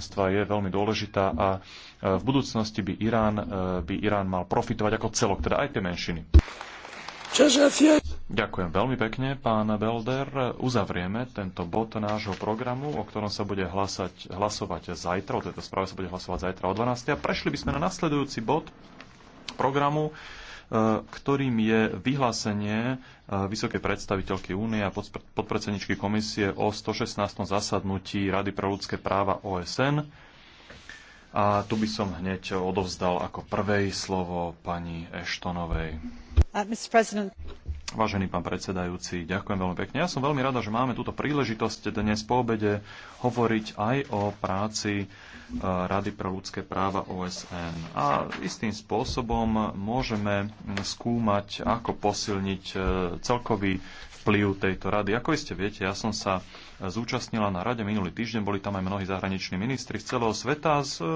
spoločenstva je veľmi dôležitá a e, v budúcnosti by Irán, e, by Irán mal profitovať ako celok, teda aj tie menšiny. Ďakujem veľmi pekne, pán Belder. Uzavrieme tento bod nášho programu, o ktorom sa bude hlasať, hlasovať zajtra, o tejto správe sa bude hlasovať zajtra o 12. A prešli by sme na nasledujúci bod programu, Eh, ktorým je vyhlásenie eh, vysokej predstaviteľky únie a podpredsedničky komisie o 116. zasadnutí Rady pre ľudské práva OSN. A tu by som hneď odovzdal ako prvej slovo pani Eštonovej. Uh, Vážený pán predsedajúci, ďakujem veľmi pekne. Ja som veľmi rada, že máme túto príležitosť dnes po obede hovoriť aj o práci Rady pre ľudské práva OSN. A istým spôsobom môžeme skúmať, ako posilniť e, celkový vplyv tejto rady. Ako iste viete, ja som sa zúčastnila na rade minulý týždeň, boli tam aj mnohí zahraniční ministri z celého sveta. Z e,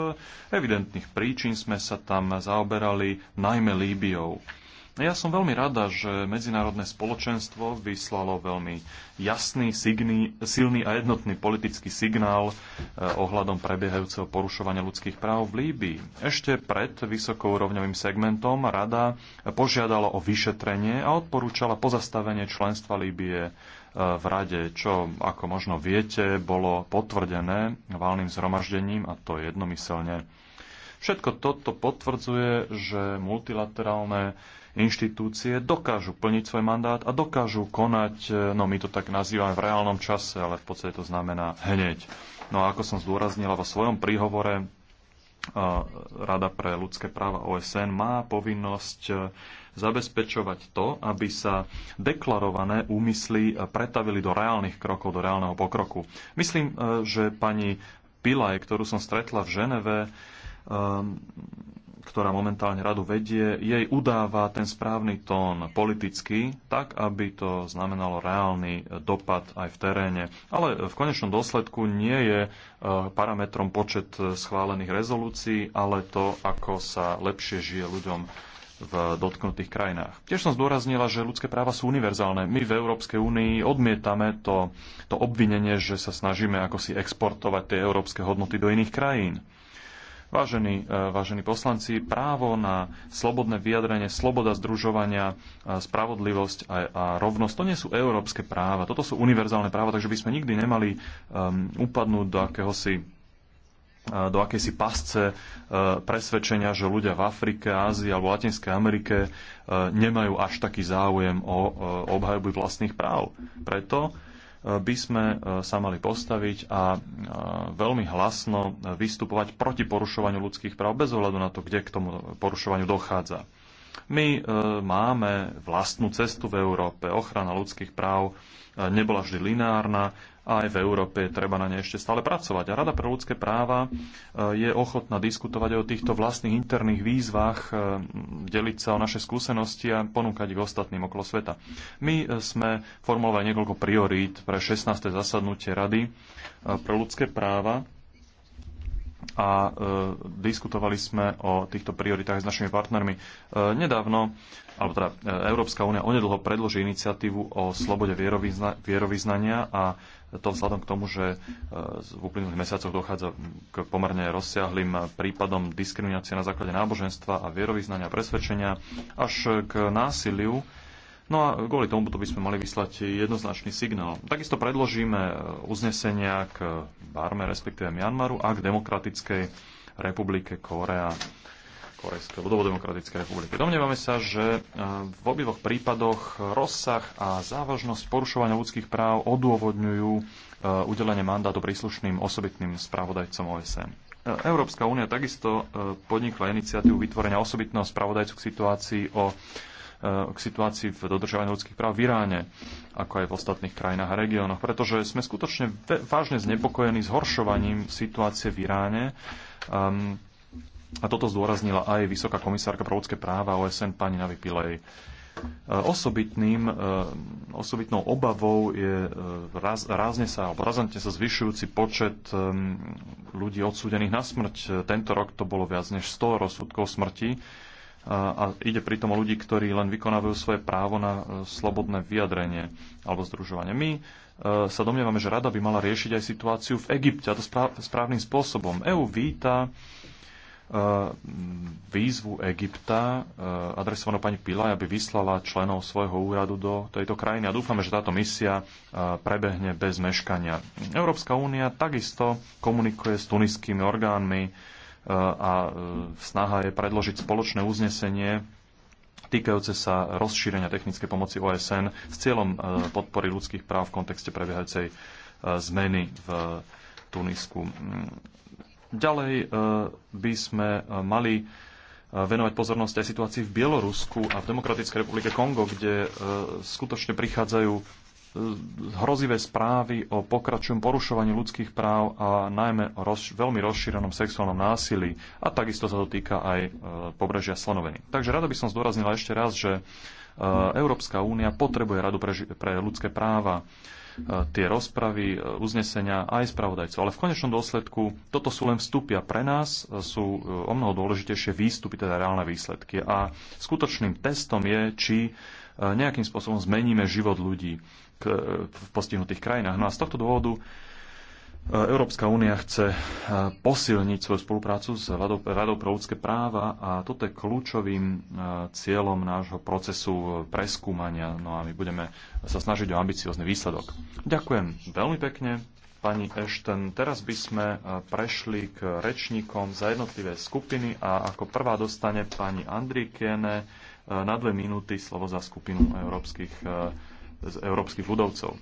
evidentných príčin sme sa tam zaoberali najmä Líbiou. No ja som veľmi rada, že medzinárodné spoločenstvo vyslalo veľmi jasný, signý, silný a jednotný politický signál eh, ohľadom prebiehajúceho porušovania ľudských práv v Líbii. Ešte pred vysokourovňovým segmentom rada požiadala o vyšetrenie a odporúčala pozastavenie členstva Líbie eh, v rade, čo, ako možno viete, bolo potvrdené valným zhromaždením a to jednomyselne. Všetko toto potvrdzuje, že multilaterálne inštitúcie dokážu plniť svoj mandát a dokážu konať, e, no my to tak nazývame v reálnom čase, ale v podstate to znamená hneď. No a ako som zdôraznila vo svojom príhovore, e, Rada pre ľudské práva OSN má povinnosť e, zabezpečovať to, aby sa deklarované úmysly pretavili do reálnych krokov, do reálneho pokroku. Myslím, že pani Pilaj, ktorú som stretla v Ženeve, ktorá momentálne radu vedie, jej udáva ten správny tón politicky, tak aby to znamenalo reálny dopad aj v teréne. Ale v konečnom dôsledku nie je e, parametrom počet schválených rezolúcií, ale to, ako sa lepšie žije ľuďom v dotknutých krajinách. Tiež som zdôraznila, že ľudské práva sú univerzálne. My v Európskej únii odmietame to, to obvinenie, že sa snažíme ako si exportovať tie európske hodnoty do iných krajín. Vážení, e, vážení poslanci, právo na slobodné vyjadrenie, sloboda združovania, e, spravodlivosť a, a rovnosť, to nie sú európske práva, toto sú univerzálne práva, takže by sme nikdy nemali um, upadnúť do akéhosi e, do akejsi pasce presvedčenia, že ľudia v Afrike, Ázii alebo Latinskej Amerike nemajú až taký záujem o obhajobu vlastných práv. Preto by sme e, sa mali postaviť a e, veľmi hlasno vystupovať proti porušovaniu ľudských práv bez ohľadu na to, kde k tomu porušovaniu dochádza. My e, máme vlastnú cestu v Európe. Ochrana ľudských práv nebola vždy lineárna aj v Európe treba na ne ešte stále pracovať. A Rada pre ľudské práva e, je ochotná diskutovať o týchto vlastných interných výzvach, e, deliť sa o naše skúsenosti a ponúkať ich ostatným okolo sveta. My e, sme formulovali niekoľko priorít pre 16. zasadnutie Rady pre ľudské práva a e, diskutovali sme o týchto prioritách s našimi partnermi. E, nedávno, alebo teda Európska únia onedlho predloží iniciatívu o slobode vierovýzna, vierovýznania a to vzhľadom k tomu, že e, v uplynulých mesiacoch dochádza k pomerne rozsiahlým prípadom diskriminácie na základe náboženstva a vierovýznania a presvedčenia až k násiliu. No a kvôli tomu by sme mali vyslať jednoznačný signál. Takisto predložíme e, uznesenia k Barme, respektíve Mianmaru a k Demokratickej republike Korea. Korejskej ľudovodemokratickej republiky. Domnievame sa, že e, v obidvoch prípadoch rozsah a závažnosť porušovania ľudských práv odôvodňujú e, udelenie mandátu príslušným osobitným spravodajcom OSN. E, Európska únia takisto podnikla iniciatívu vytvorenia osobitného spravodajcu k situácii o k situácii v dodržovaní ľudských práv v Iráne, ako aj v ostatných krajinách a regiónoch, pretože sme skutočne vážne znepokojení zhoršovaním situácie v Iráne. Um, a toto zdôraznila aj vysoká komisárka pro ľudské práva OSN pani Navi Pilej. Osobitným, e, osobitnou obavou je e, raz, rázne sa, alebo razantne sa zvyšujúci počet e, ľudí odsúdených na smrť. Tento rok to bolo viac než 100 rozsudkov smrti a ide pritom o ľudí, ktorí len vykonávajú svoje právo na slobodné vyjadrenie alebo združovanie. My sa domnievame, že rada by mala riešiť aj situáciu v Egypte, a to správnym spôsobom. EÚ víta E, výzvu Egypta e, adresovanú pani Pilaj, aby vyslala členov svojho úradu do tejto krajiny a dúfame, že táto misia e, prebehne bez meškania. Európska únia takisto komunikuje s tuniskými orgánmi a snaha je predložiť spoločné uznesenie týkajúce sa rozšírenia technickej pomoci OSN s cieľom podpory ľudských práv v kontexte prebiehajúcej zmeny v Tunisku. Ďalej e, by sme e, mali e, venovať pozornosť aj situácii v Bielorusku a v Demokratickej republike Kongo, kde skutočne prichádzajú hrozivé správy o pokračujem porušovaní ľudských práv a najmä o roz, veľmi rozšírenom sexuálnom násilí. A takisto sa to týka aj pobrežia Slonoviny. Takže rada by som zdôraznila ešte raz, že Európska únia potrebuje radu pre, pre ľudské práva Eh, tie rozpravy, eh, uznesenia aj spravodajcov. Ale v konečnom dôsledku toto sú len vstupy a pre nás eh, sú o mnoho dôležitejšie výstupy, teda reálne výsledky. A skutočným testom je, či nejakým spôsobom zmeníme život ľudí v postihnutých krajinách. No a z tohto dôvodu Európska únia chce posilniť svoju spoluprácu s Radou, pre ľudské práva a toto je kľúčovým cieľom nášho procesu preskúmania. No a my budeme sa snažiť o ambiciózny výsledok. Ďakujem veľmi pekne, pani Ešten. Teraz by sme prešli k rečníkom za jednotlivé skupiny a ako prvá dostane pani Andrikiene na dve minúty slovo za skupinu európskych, európskych ľudovcov.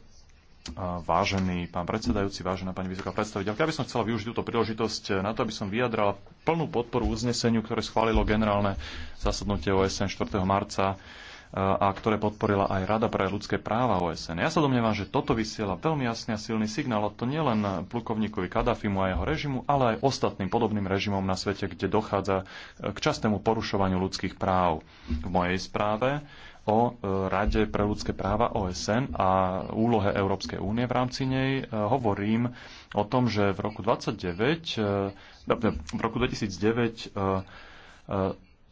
Vážený pán predsedajúci, vážená pani vysoká predstaviteľka, ja by som chcela využiť túto príležitosť na to, aby som vyjadrala plnú podporu uzneseniu, ktoré schválilo generálne zasadnutie OSN 4. marca a ktoré podporila aj Rada pre ľudské práva OSN. Ja sa domnievam, že toto vysiela veľmi jasný a silný signál, a to nielen plukovníkovi Kadafimu a jeho režimu, ale aj ostatným podobným režimom na svete, kde dochádza k častému porušovaniu ľudských práv. V mojej správe o e, Rade pre ľudské práva OSN a úlohe Európskej únie v rámci nej. E, hovorím o tom, že v roku 29, e, no, v roku 2009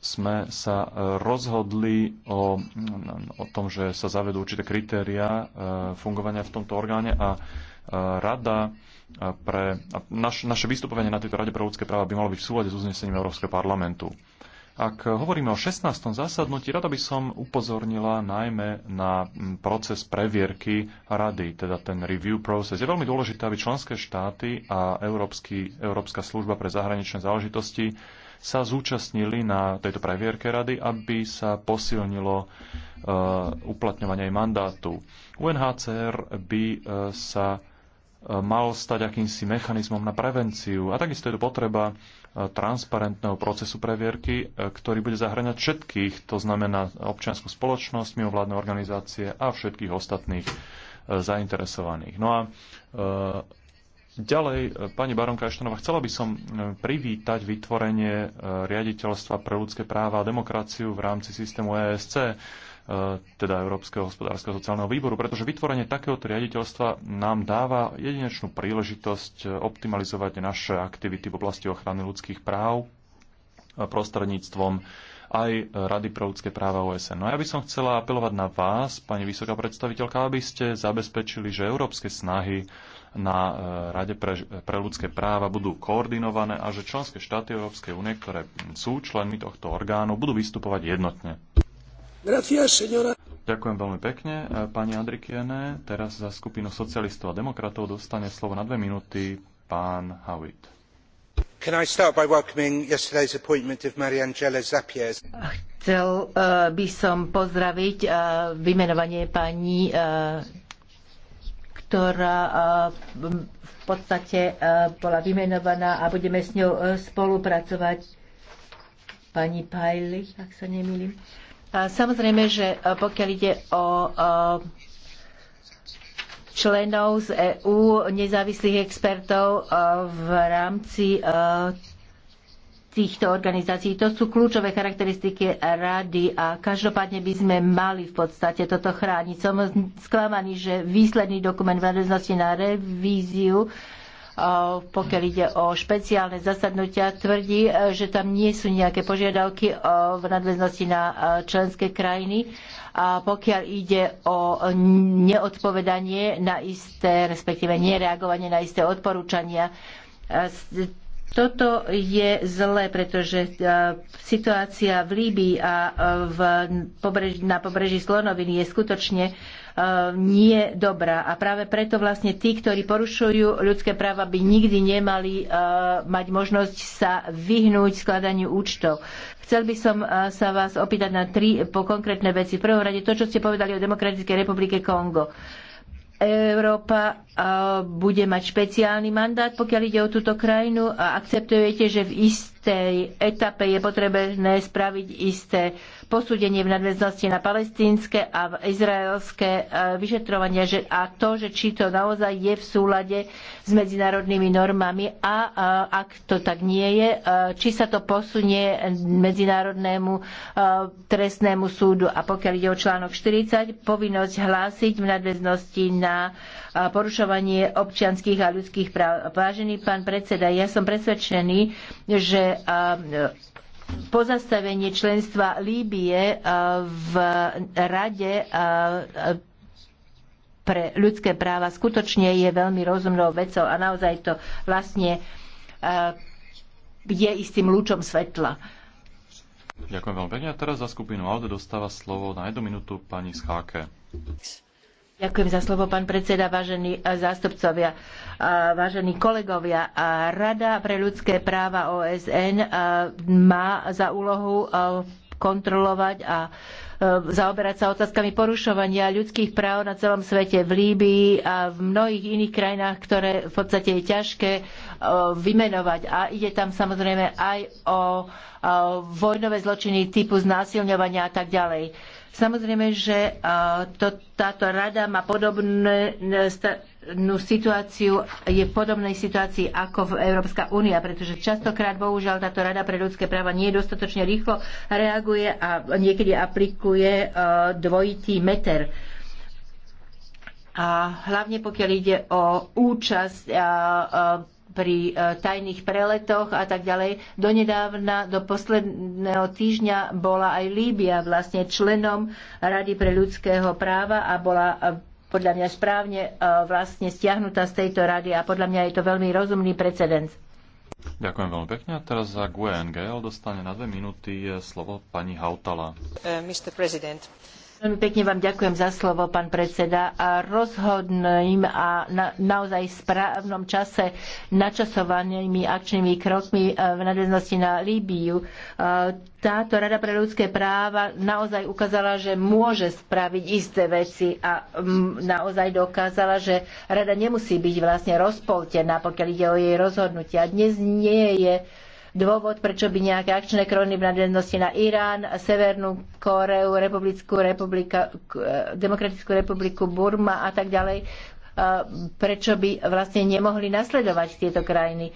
sme sa rozhodli o, no, no, o tom, že sa zavedú určité kritéria fungovania v tomto orgáne a rada pre, naš, naše vystupovanie na tejto Rade pre ľudské práva by malo byť v súlade s uznesením Európskeho parlamentu. Ak hovoríme o 16. zasadnutí, rada by som upozornila najmä na proces previerky rady, teda ten review process. Je veľmi dôležité, aby členské štáty a Európsky, Európska služba pre zahraničné záležitosti sa zúčastnili na tejto previerke rady, aby sa posilnilo uh, uplatňovanie aj mandátu. UNHCR by uh, sa eh, mal stať akýmsi mechanizmom na prevenciu a takisto je to potreba transparentného procesu previerky, e, ktorý bude zahrňať všetkých, to znamená občianskú spoločnosť, mimovládne organizácie a všetkých ostatných e, zainteresovaných. No a e, ďalej, pani Baronka Eštanová, chcela by som privítať vytvorenie riaditeľstva pre ľudské práva a demokraciu v rámci systému ESC. E, teda Európskeho hospodárskeho sociálneho výboru, pretože vytvorenie takéhoto riaditeľstva nám dáva jedinečnú príležitosť e, optimalizovať naše aktivity v oblasti ochrany ľudských práv prostredníctvom aj Rady pre ľudské práva OSN. No ja by som chcela apelovať na vás, pani vysoká predstaviteľka, aby ste zabezpečili, že európske snahy na e, Rade pre, pre ľudské práva budú koordinované a že členské štáty Európskej únie, ktoré sú členmi tohto orgánu, budú vystupovať jednotne. Ďakujem veľmi pekne. E, pani Andrikiene, teraz za skupinu socialistov a demokratov dostane slovo na dve minúty pán Howitt. Can I start by welcoming yesterday's appointment of Mariangela Zapier? Chcel uh, by som pozdraviť uh, vymenovanie pani, uh, ktorá uh, v podstate uh, bola vymenovaná a budeme s ňou uh, spolupracovať. Pani Pajli, ak sa nemýlim. Uh, Samozrejme, že e, pokiaľ ide o e, členov z EÚ, nezávislých expertov e, v rámci týchto organizácií. To sú kľúčové charakteristiky rady a každopádne by sme mali v podstate toto chrániť. Som sklamaný, že výsledný dokument v nadväznosti na revíziu Eh, pokiaľ ide o špeciálne zasadnutia, tvrdí, eh, že tam nie sú nejaké požiadavky eh, v nadväznosti na členské krajiny. A pokiaľ ide o neodpovedanie na isté, respektíve nereagovanie na isté odporúčania, toto je zlé, pretože situácia v Líbii a v, na pobreží Slonoviny je skutočne nie je dobrá. A práve preto vlastne tí, ktorí porušujú ľudské práva, by nikdy nemali e, mať možnosť sa vyhnúť skladaniu účtov. Chcel by som e, sa vás opýtať na tri konkrétne veci. V prvom rade to, čo ste povedali o Demokratickej republike Kongo. Európa e, bude mať špeciálny mandát, pokiaľ ide o túto krajinu a akceptujete, že v istom tej etape je potrebné spraviť isté posúdenie v nadväznosti na palestínske a v izraelské e, vyšetrovania a to, že či to naozaj je v súlade s medzinárodnými normami a ak to tak nie je, e, či sa to posunie medzinárodnému e, trestnému súdu. A pokiaľ ide o článok 40, povinnosť hlásiť v nadväznosti na porušovanie občianských a ľudských práv. Vážený pán predseda, ja som presvedčený, že a eh, pozastavenie členstva Líbie eh, v Rade eh, pre ľudské práva skutočne je veľmi rozumnou vecou a naozaj to vlastne je istým lúčom svetla. Ďakujem veľmi pekne. A teraz za skupinu AUDE dostáva slovo na jednu minútu pani Scháke. Ďakujem za slovo, pán predseda, vážení eh, zástupcovia, eh, vážení kolegovia. Rada pre ľudské práva OSN eh, má za úlohu kontrolovať a zaoberať sa otázkami porušovania ľudských práv na celom svete, v Líbii a v mnohých iných krajinách, ktoré v podstate je ťažké vymenovať. A ide tam samozrejme aj o vojnové zločiny typu znásilňovania a tak ďalej Samozrejme, že to, táto rada má podobnú e, no, situáciu, je v podobnej situácii ako v Európska únia, pretože častokrát, bohužiaľ, táto rada pre ľudské práva nie dostatočne rýchlo reaguje a niekedy aplikuje e, dvojitý meter. A hlavne pokiaľ ide o účasť a, a pri e, tajných preletoch a tak ďalej. Donedávna, do posledného týždňa bola aj Líbia vlastne členom Rady pre ľudského práva a bola e, podľa mňa správne e, vlastne stiahnutá z tejto rady a podľa mňa je to veľmi rozumný precedens. Ďakujem veľmi pekne. A teraz za GUNGL dostane na dve minúty slovo pani Hautala. Uh, Veľmi pekne vám ďakujem za slovo, pán predseda. A rozhodným a na, naozaj správnom čase načasovanými akčnými krokmi e, v nadväznosti na Líbiu. E, táto Rada pre ľudské práva naozaj ukázala, že môže spraviť isté veci a naozaj dokázala, že Rada nemusí byť vlastne rozpoltená, pokiaľ ide o jej rozhodnutia. Dnes nie je dôvod, prečo by nejaké akčné krony v nadväznosti na Irán, Severnú Koreu, Republickú e, Demokratickú republiku Burma a tak ďalej, e, prečo by vlastne nemohli nasledovať tieto krajiny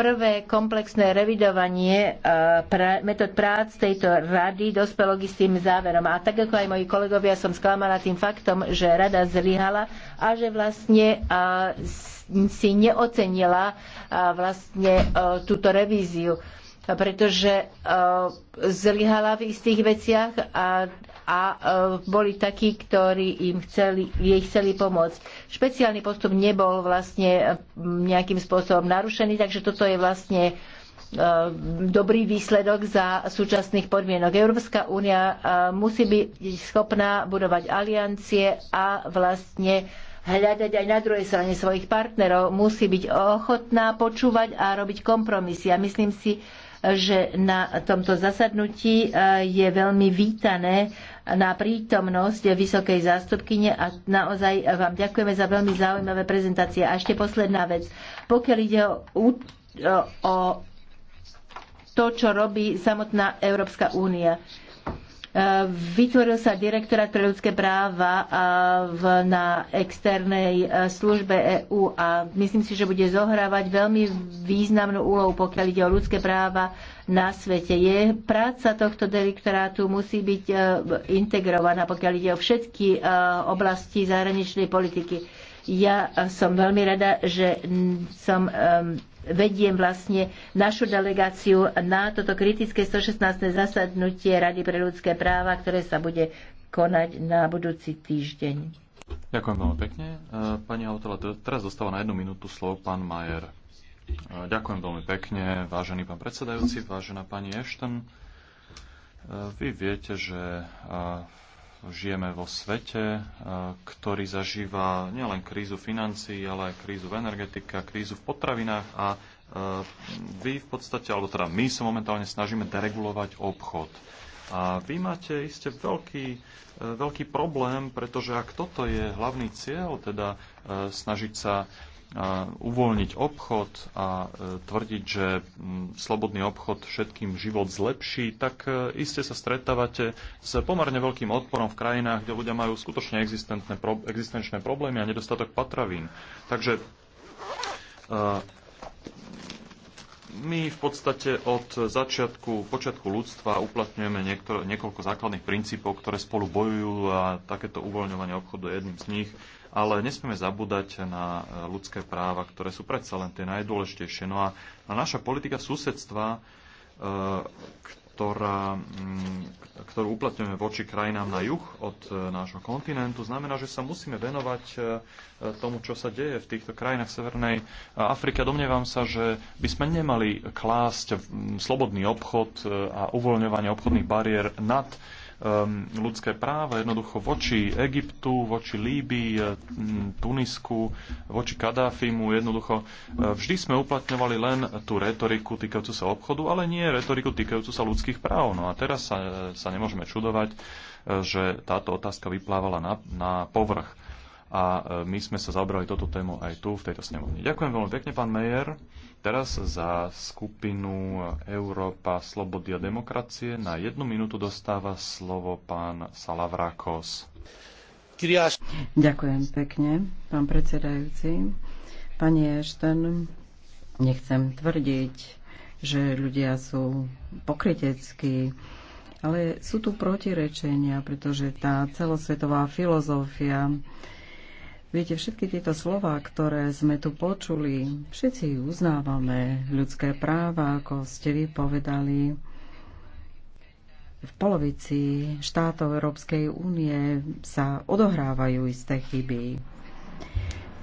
prvé komplexné revidovanie e, metód prác tejto rady dospelo k istým záverom. A tak ako aj moji kolegovia som sklamaná tým faktom, že rada zlyhala a že vlastne e, si neocenila e, vlastne túto revíziu pretože e, zlyhala v istých veciach a, a e, boli takí, ktorí im chceli, jej chceli pomôcť. Špeciálny postup nebol vlastne e, nejakým spôsobom narušený, takže toto je vlastne dobrý výsledok za súčasných podmienok. Európska únia musí byť schopná budovať aliancie a vlastne hľadať aj na druhej strane svojich partnerov. Musí byť ochotná počúvať a robiť kompromisy. A myslím si, že na tomto zasadnutí e, je veľmi vítané na prítomnosť vysokej zástupkyne a naozaj vám ďakujeme za veľmi zaujímavé prezentácie. A ešte posledná vec. Pokiaľ ide o, o to, čo robí samotná Európska únia. Vytvoril sa direktorát pre ľudské práva na externej e, službe EÚ a myslím si, že bude zohrávať veľmi významnú úlohu, pokiaľ ide o ľudské práva na svete. Je práca tohto direktorátu musí byť e, integrovaná, pokiaľ ide o všetky e, oblasti zahraničnej politiky. Ja som veľmi rada, že som vediem vlastne našu delegáciu na toto kritické 116. zasadnutie Rady pre ľudské práva, ktoré sa bude konať na budúci týždeň. Ďakujem veľmi pekne. E, pani Autola, teraz dostáva na jednu minútu slovo pán Majer. E, ďakujem veľmi pekne, vážený pán predsedajúci, vážená pani Ešten. E, vy viete, že žijeme vo svete, e, ktorý zažíva nielen krízu financií, ale aj krízu v energetike, krízu v potravinách a e, vy v podstate, alebo teda my sa momentálne snažíme deregulovať obchod. A vy máte iste veľký, e, veľký problém, pretože ak toto je hlavný cieľ, teda snažiť sa uvoľniť obchod a e, tvrdiť, že slobodný obchod všetkým život zlepší, tak e, iste sa stretávate s pomerne veľkým odporom v krajinách, kde ľudia majú skutočne existenčné problémy a nedostatok patravín. Takže e, my v podstate od začiatku, počiatku ľudstva uplatňujeme niektor, niekoľko základných princípov, ktoré spolu bojujú a takéto uvoľňovanie obchodu je jedným z nich ale nesmieme zabúdať na eh, ľudské práva, ktoré sú predsa len tie najdôležitejšie. No a naša politika susedstva, eh, ktorá, mm, ktorú uplatňujeme voči krajinám na juh od eh, nášho kontinentu, znamená, že sa musíme venovať tomu, čo sa deje v týchto krajinách Severnej Afriky. Domnievam sa, že by sme nemali klásť mm, slobodný obchod a uvoľňovanie obchodných bariér nad Ehm, ľudské práva jednoducho voči Egyptu, voči Líbii, eh, Tunisku, voči Kadáfimu. Jednoducho eh, vždy sme uplatňovali len tú retoriku týkajúcu sa obchodu, ale nie retoriku týkajúcu sa ľudských práv. No a teraz sa, eh, sa nemôžeme čudovať, že táto otázka vyplávala na, na povrch a e, my sme sa zaobrali toto tému aj tu, v tejto snemovni. Ďakujem veľmi pekne, pán Mejer. Teraz za skupinu Európa, Slobody a demokracie na jednu minútu dostáva slovo pán Salavrakos. Ďakujem pekne, pán predsedajúci. Pani Ešten, nechcem tvrdiť, že ľudia sú pokriteckí, ale sú tu protirečenia, pretože tá celosvetová filozofia Viete, všetky tieto slova, ktoré sme tu počuli, všetci uznávame ľudské práva, ako ste vy povedali. V polovici štátov Európskej únie sa odohrávajú isté chyby.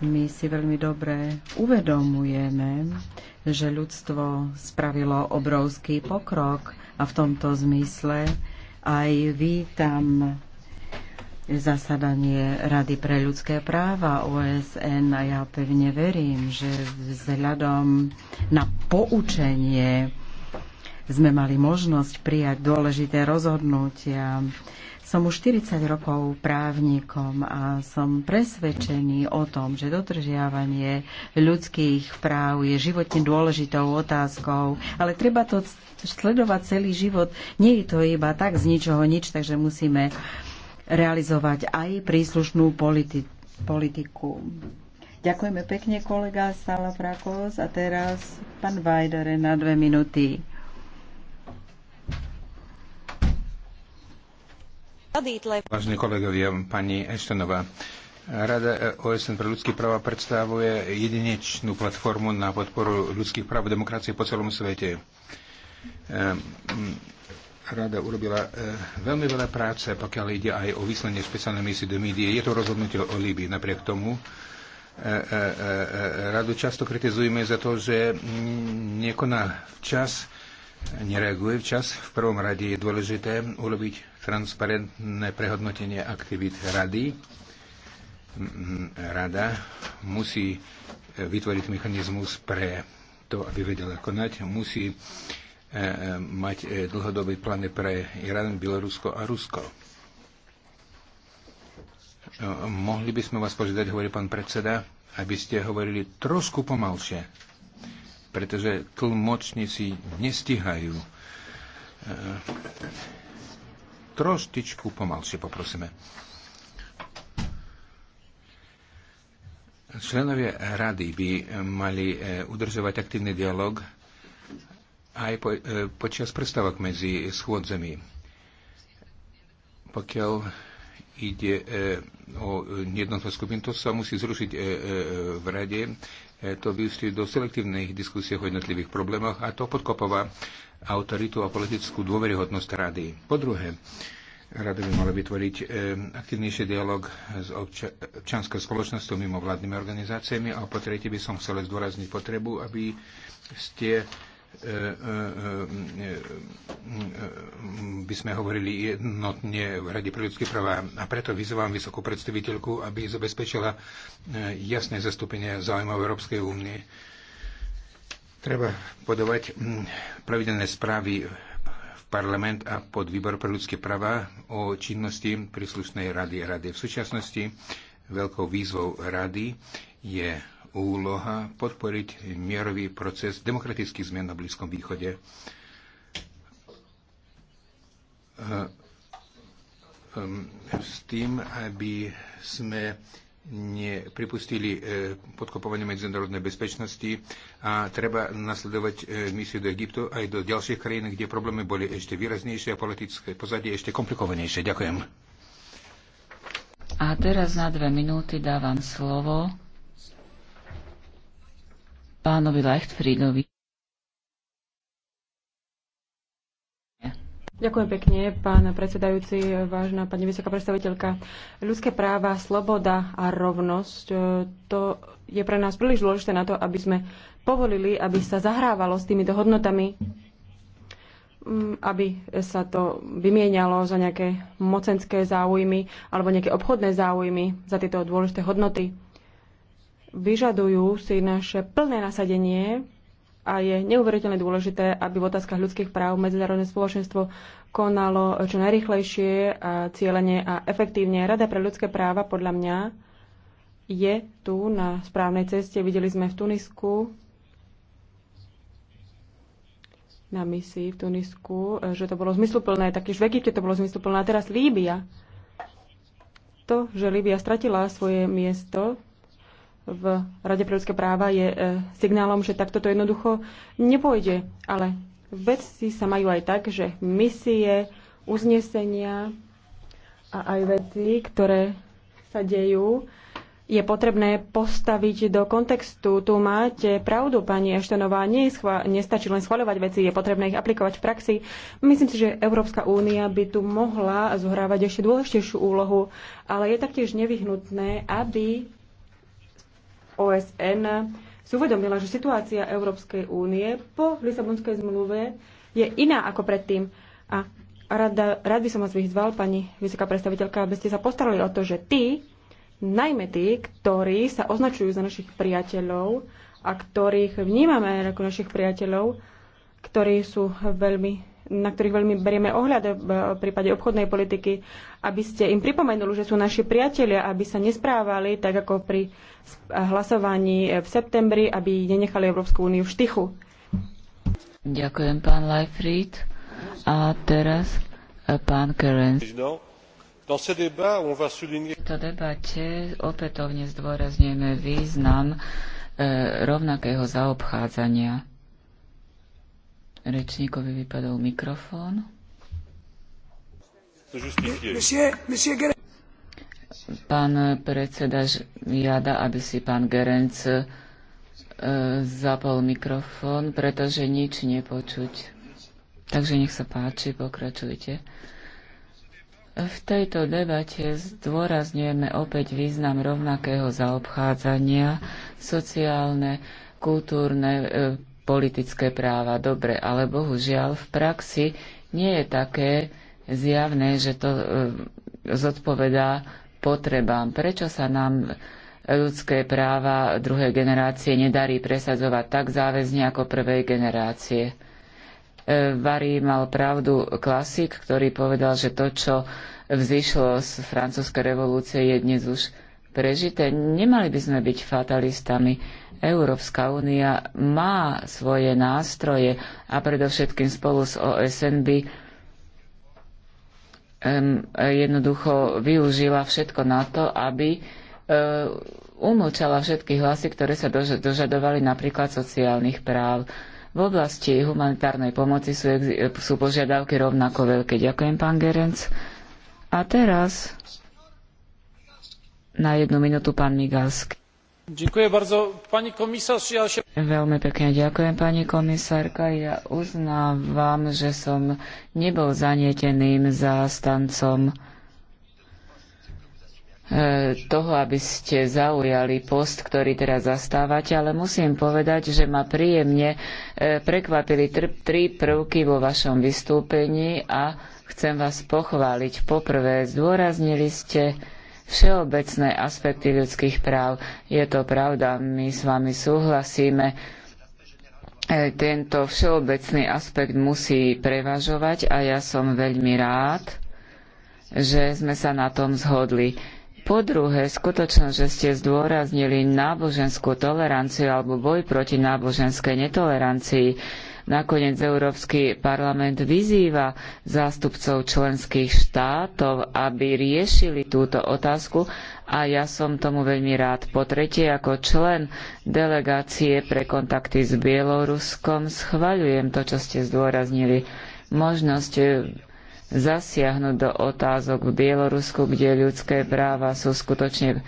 My si veľmi dobre uvedomujeme, že ľudstvo spravilo obrovský pokrok a v tomto zmysle aj vítam zasadanie Rady pre ľudské práva OSN a ja pevne verím, že vzhľadom na poučenie sme mali možnosť prijať dôležité rozhodnutia. Som už 40 rokov právnikom a som presvedčený o tom, že dodržiavanie ľudských práv je životne dôležitou otázkou, ale treba to sledovať celý život. Nie je to iba tak z ničoho nič, takže musíme realizovať aj príslušnú politi- politiku. Ďakujeme pekne, kolega Sala Frakos. A teraz pán Vajdare na dve minúty. Vážení kolegovia, pani Eštenová, Rada OSN pre ľudské práva predstavuje jedinečnú platformu na podporu ľudských práv a demokracie po celom svete ehm, rada urobila e, veľmi veľa práce, pokiaľ ide aj o vyslanie špeciálnej misie do médií. Je to rozhodnutie o Líbii. Napriek tomu e, e, radu často kritizujeme za to, že mm, nekoná včas, nereaguje včas. V prvom rade je dôležité urobiť transparentné prehodnotenie aktivít rady. Mm, rada musí vytvoriť mechanizmus pre to, aby vedela konať, musí E, e, mať e, dlhodobé plány pre Irán, Bielorusko a Rusko. No, mohli by sme vás požiadať, hovorí pán predseda, aby ste hovorili trošku pomalšie, pretože tlmočníci nestihajú. Troštičku pomalšie poprosíme. Členovia rady by mali udržovať aktívny dialog aj po, e, počas prestávok medzi schôdzami. Pokiaľ ide e, o jednotnú skupinu, to sa musí zrušiť e, v rade. To vyústi do selektívnych diskusí o jednotlivých problémoch a to podkopova autoritu a politickú dôveryhodnosť rady. Po druhé, rada by mala vytvoriť aktivnejší dialog s obča- občanskou spoločnosťou mimo vládnymi organizáciami a po tretie by som chcel zdôrazniť potrebu, aby ste E, e, e, by sme hovorili jednotne v Rade pre ľudské práva. A preto vyzývam vysokú predstaviteľku, aby zabezpečila jasné zastúpenie záujmov Európskej únie. Treba podávať pravidelné správy v parlament a pod výbor pre ľudské práva o činnosti príslušnej rady rady. V súčasnosti veľkou výzvou rady je úloha podporiť mierový proces demokratických zmien na Blízkom východe. Eh, s tým, aby sme nepripustili eh, podkopovanie medzinárodnej bezpečnosti a treba nasledovať eh, misiu do Egyptu aj do ďalších krajín, kde problémy boli ešte výraznejšie a politické pozadie ešte komplikovanejšie. Ďakujem. A teraz na dve minúty dávam slovo pánovi Leichtfriedovi. Ďakujem pekne, pán predsedajúci, vážna pani vysoká predstaviteľka. Ľudské práva, sloboda a rovnosť, e, to je pre nás príliš dôležité na to, aby sme povolili, aby sa zahrávalo s týmito hodnotami, aby sa to vymieňalo za nejaké mocenské záujmy alebo nejaké obchodné záujmy, za tieto dôležité hodnoty vyžadujú si naše plné nasadenie a je neuveriteľne dôležité, aby v otázkach ľudských práv medzinárodné spoločenstvo konalo čo najrychlejšie, a cieľenie a efektívne. Rada pre ľudské práva podľa mňa je tu na správnej ceste. Videli sme v Tunisku, na misii v Tunisku, že to bolo zmysluplné, takéž v Egypte to bolo zmysluplné. A teraz Líbia. To, že Líbia stratila svoje miesto v Rade pre ľudské práva je e, signálom, že takto to jednoducho nepôjde. Ale veci sa majú aj tak, že misie, uznesenia a aj veci, ktoré sa dejú, je potrebné postaviť do kontextu. Tu máte pravdu, pani Eštenová, nestačí len schvaľovať veci, je potrebné ich aplikovať v praxi. Myslím si, že Európska únia by tu mohla zohrávať ešte dôležitejšiu úlohu, ale je taktiež nevyhnutné, aby OSN si uvedomila, že situácia Európskej únie po Lisabonskej zmluve je iná ako predtým. A rada, rád by som vás vyzval, pani vysoká predstaviteľka, aby ste sa postarali o to, že tí, najmä tí, ktorí sa označujú za našich priateľov a ktorých vnímame ako našich priateľov, ktorí sú veľmi na ktorých veľmi berieme ohľad e, v prípade obchodnej politiky, aby ste im pripomenuli, že sú naši priatelia, aby sa nesprávali tak ako pri hlasovaní e, v septembri, aby nenechali Európsku úniu v štychu. Ďakujem, pán Leifried. A teraz e, pán Kerens. V tejto debate opätovne zdôrazňujeme význam rovnakého zaobchádzania Rečníkovi vypadol mikrofón. Pán predseda žiada, aby si pán Gerenc e, zapol mikrofón, pretože nič nepočuť. Takže nech sa páči, pokračujte. V tejto debate zdôrazňujeme opäť význam rovnakého zaobchádzania, sociálne, kultúrne, e, politické práva dobre, ale bohužiaľ v praxi nie je také zjavné, že to e, zodpovedá potrebám. Prečo sa nám ľudské práva druhej generácie nedarí presadzovať tak záväzne ako prvej generácie? E, Vary mal pravdu klasik, ktorý povedal, že to, čo vzýšlo z francúzskej revolúcie, je dnes už prežité. Nemali by sme byť fatalistami Európska únia má svoje nástroje a predovšetkým spolu s OSN by jednoducho využila všetko na to, aby e, umlčala všetky hlasy, ktoré sa dožadovali napríklad sociálnych práv. V oblasti humanitárnej pomoci sú, sú požiadavky rovnako veľké. Ďakujem, pán Gerenc. A teraz na jednu minútu pán Migalsk. Pani komisár, ja Veľmi pekne ďakujem, pani komisárka. Ja uznávam, že som nebol zanieteným zástancom e, toho, aby ste zaujali post, ktorý teraz zastávate, ale musím povedať, že ma príjemne e, prekvapili tri prvky vo vašom vystúpení a chcem vás pochváliť. Poprvé, zdôraznili ste všeobecné aspekty ľudských práv. Je to pravda, my s vami súhlasíme. E, tento všeobecný aspekt musí prevažovať a ja som veľmi rád, že sme sa na tom zhodli. Po druhé, skutočnosť, že ste zdôraznili náboženskú toleranciu alebo boj proti náboženskej netolerancii, Nakoniec Európsky parlament vyzýva zástupcov členských štátov, aby riešili túto otázku a ja som tomu veľmi rád. Po tretie, ako člen delegácie pre kontakty s Bieloruskom schvaľujem to, čo ste zdôraznili. Možnosť zasiahnuť do otázok v Bielorusku, kde ľudské práva sú skutočne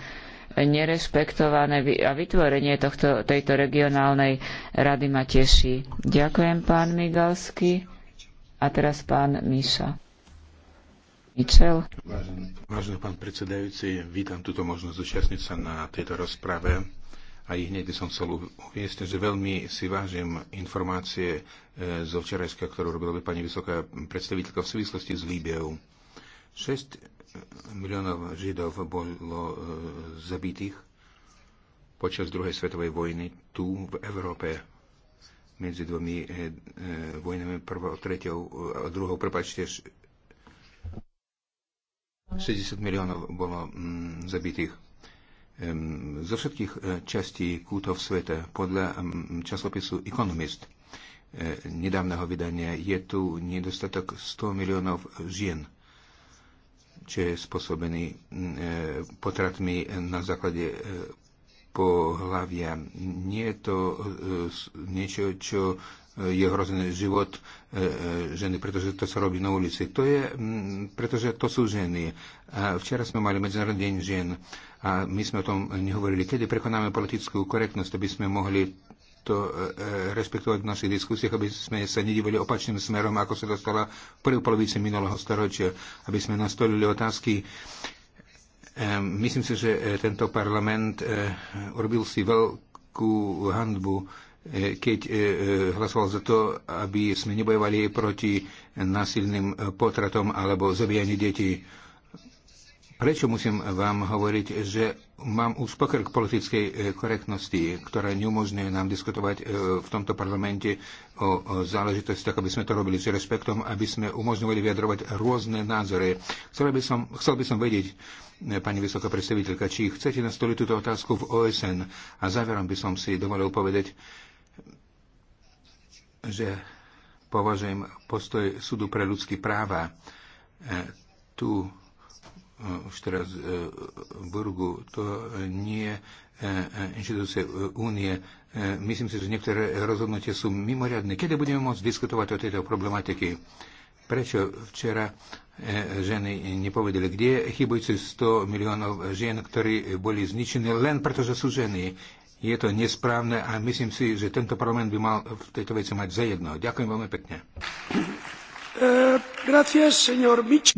nerešpektované a vytvorenie tohto, tejto regionálnej rady ma teší. Ďakujem pán Migalsky a teraz pán Miša. Mičel. Vážený, vážený pán predsedajúci, vítam túto možnosť zúčastniť sa na tejto rozprave. A i hneď by som chcel uviesť, že veľmi si vážim informácie e, zo včerajska, ktorú robila by pani vysoká predstaviteľka v súvislosti s Líbiou. Šesť miliónov Židov bolo e, zabitých počas druhej svetovej vojny tu v Európe medzi dvomi e, e, vojnami prvou, treťou e, a druhou, prepačte, 60 miliónov bolo mm, zabitých E, zo všetkých e, častí kútov sveta podľa mm, časopisu Economist e, nedávneho vydania je tu nedostatok 100 miliónov žien čo je spôsobený mm, e, potratmi na základe e, pohľavia. Nie je to e, niečo, čo je hrozený život ženy, pretože to sa robí na ulici. To je, mm, pretože to sú ženy. A včera sme mali Medzinárodný deň žien a my sme o tom nehovorili. Kedy prekonáme politickú korektnosť, aby sme mohli to e, e, rešpektovať v našich diskusiách, aby sme sa nedívali opačným smerom, ako sa dostala v prvú polovici minulého storočia, aby sme nastolili otázky. E, myslím si, že tento parlament urobil si veľkú handbu, keď hlasoval za to, aby sme nebojovali proti násilným potratom alebo zabíjaní detí Prečo musím vám hovoriť, že mám už k politickej e, korektnosti, ktorá neumožňuje nám diskutovať e, v tomto parlamente o záležitostiach, aby sme to robili s respektom, aby sme umožňovali vyjadrovať rôzne názory. Chcel by som, chcel by som vedieť, e, pani vysoká predstaviteľka, či chcete nastoliť túto otázku v OSN. A záverom by som si dovolil povedať, že považujem postoj súdu pre ľudské práva tu už teraz v Burgu, to nie e, e, inštitúcie e, únie. Myslím si, že niektoré rozhodnutia sú mimoriadne. Kedy budeme môcť diskutovať o tejto problematike? Prečo včera ženy nepovedali, kde chybujúci 100 miliónov žien, ktorí boli zničené len preto, že sú ženy? Je to nesprávne a myslím si, že tento parlament by mal v tejto veci mať zajedno. Ďakujem veľmi pekne.